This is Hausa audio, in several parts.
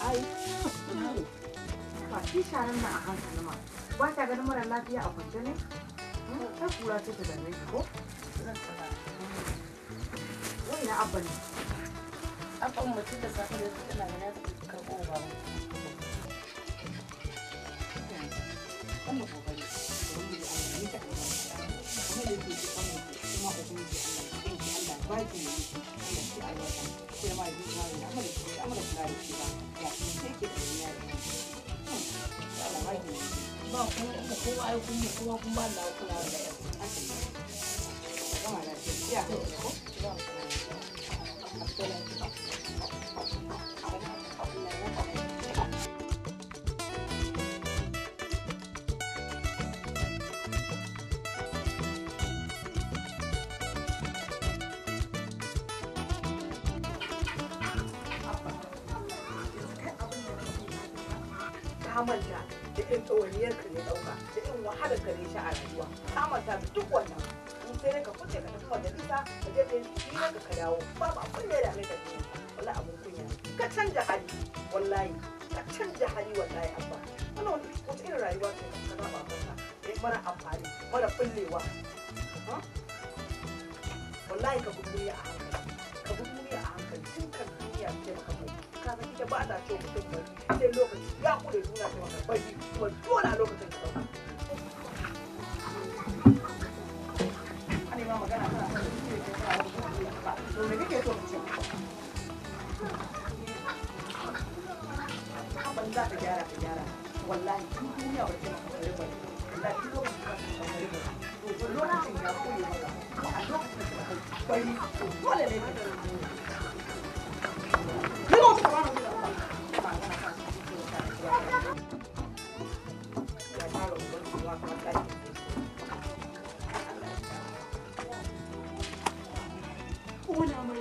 ai ba shi sharan na a hankali ma ba ta ganin mara lafiya a kwance ne ta kura ta ta gane ko Wani na abba ne abban mutum da safe da ta tana gane ta karɓo ba mu kokari kuma ubangiji Allah ya ba ki ba kuma da kowa ya kuma kowa kuma Ba Ba ka manta da irin ɗawainiyar ka ne ɗauka da irin wahalar ka ne sha a rayuwa ka manta da duk wannan in sai ka kuce ka tafi majalisa ka je ka yi hira ka ka dawo babu abin da ya dame ka ne wallahi abun kunya ka canja hali wallahi ka canja hali wallahi abba wannan wani wata irin rayuwa ce ka saba kanka mara amfani mara fullewa wallahi ka kuɗi a hankali ka san ba da so mutum bari sai lokaci ya bari kuma dole a lokacin ka dauka magana kana san duk da kana da ba to me kake so duniya no, no, the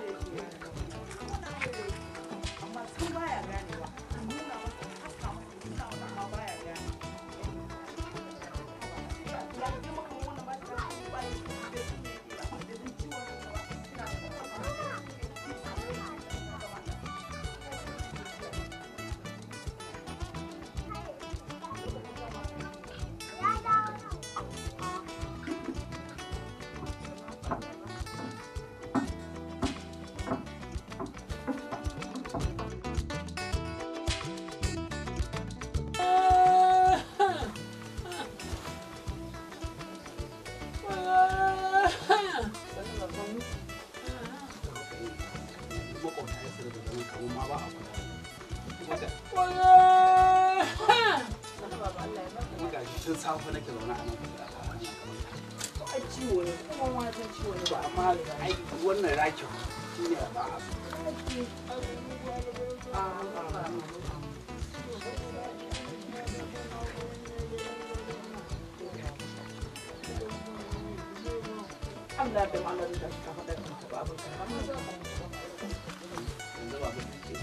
kawo fa da ciwo ne kuma wani ciwo ne ba amma wannan rakin ba Allah da malar da ka faɗa kan ta babu ta ba. Yanzu ba ba ta ce,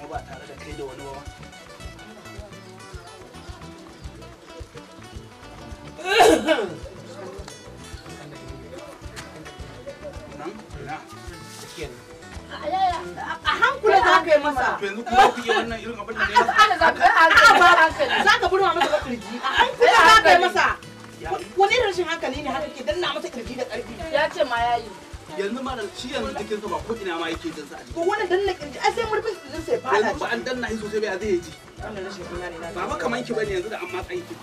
ba ba tare da kai da wani ba. a hankula yi masa yanzu kuma da ne za masa a hankula yi masa masa ya shi yanzu jikinsa ba ko ina ma yake jinsa a jiki to wannan danna kirji ai sai murfin kirjinsa ya fada yanzu ba an danna shi sosai ba zai yi ji wannan rashin imani na baba kamar ki bane yanzu da an matsayi ki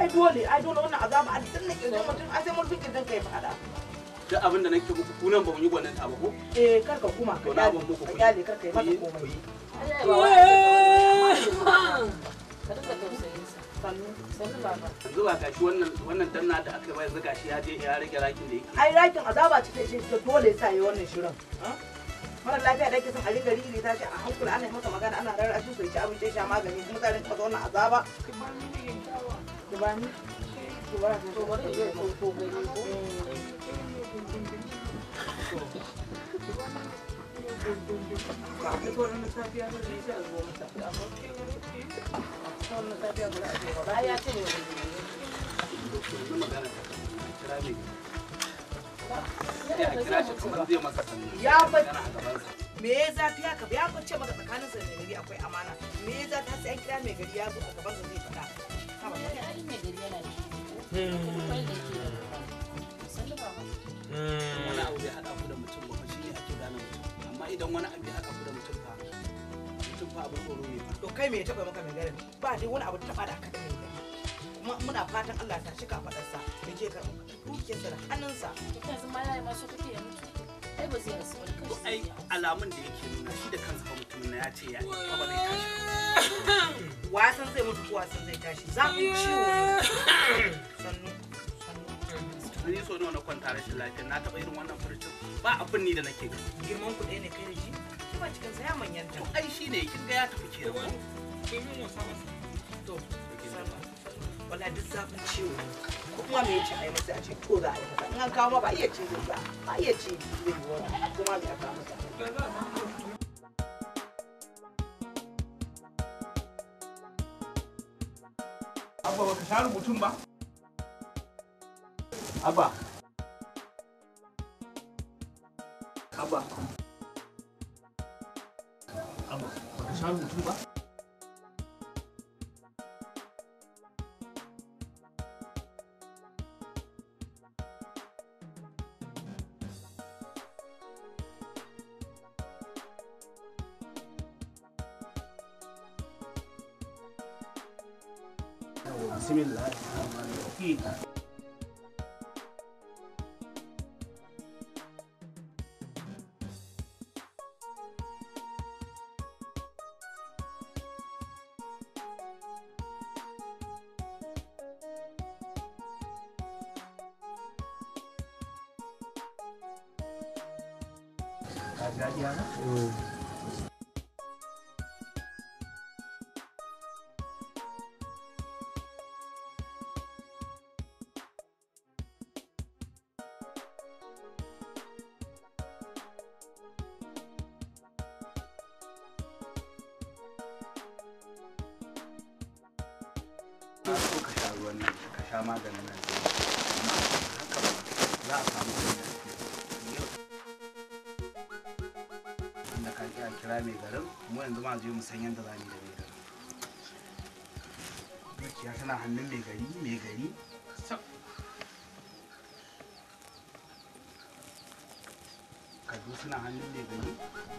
ai dole ai dole wannan azaba a dinna da mutum ai sai mun fi kirjin kai fada duk abin da nake muku kunan ba mun yi gwanin ta ba ko eh kar ka kuma ka yale ka yale kar ka yi mata komai ka dinga tausayin sa yanzu ba gashi wannan wannan danna da aka bai zuga shi ya je ya rage rakin da yake ai rakin azaba ce ta ce dole sai wannan shirin mara lafiya da ke son a ringa riri ta a hankula ana masa magana ana rarra su sai ci abinci sha magani kuma ta rinka zauna a zaba ki ba ta a ya ba me ya zafi haka ya ba ce maka tsakanin sa gari akwai amana me ya ta sai an kira mai gari ya zo a gaban sa zai faɗa hmm. hmm. wani abu bai haɗa ku da mutum ba shi ne ake gane mutum amma idan wani abu ya haɗa ku da mutum fa mutum fa abin tsoro ne to kai me ya taɓa maka mai gari ba dai wani abu taɓa da aka muna fatan Allah ta shi ka faɗarsa da ke karɓa jikinsa da hannunsa yanzu ma yayi masu kuke ya mutu ai ba zai rasu wani kansa ai alamun da yake nuna shi da kansa ba mutum na ya ce ya ba zai tashi wasan zai mutu ko wasan zai tashi zafin ciwo ne sannu ni so nawa na kwanta rashin lafiya na taɓa irin wannan furcin ba abin ni da nake gani girman ku ɗaya ne kai da shi shi cikinsa ya manyanta. manyan ai shi ne kin ga ya tafi ke ko to wallahi duk zafin ciwo kuma me yace ai masa a ce to za a yi kaza in an kawo ma ba iya ci ba ba iya ci zai yi wani kuma aka masa Abba baka sha rubutun ba? Abba. Abba. Abba baka sha rubutun ba? Bismillahirrahmanirrahim. tá wannan ka sha maganin nan amma haka ba za a samu wani wanda ka a kira mai garin mu yanzu ma je mu san yadda za mu da mai garin dukiya tana hannun mai gari mai gari kadu suna hannun mai gari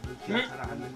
dukiya tana hannun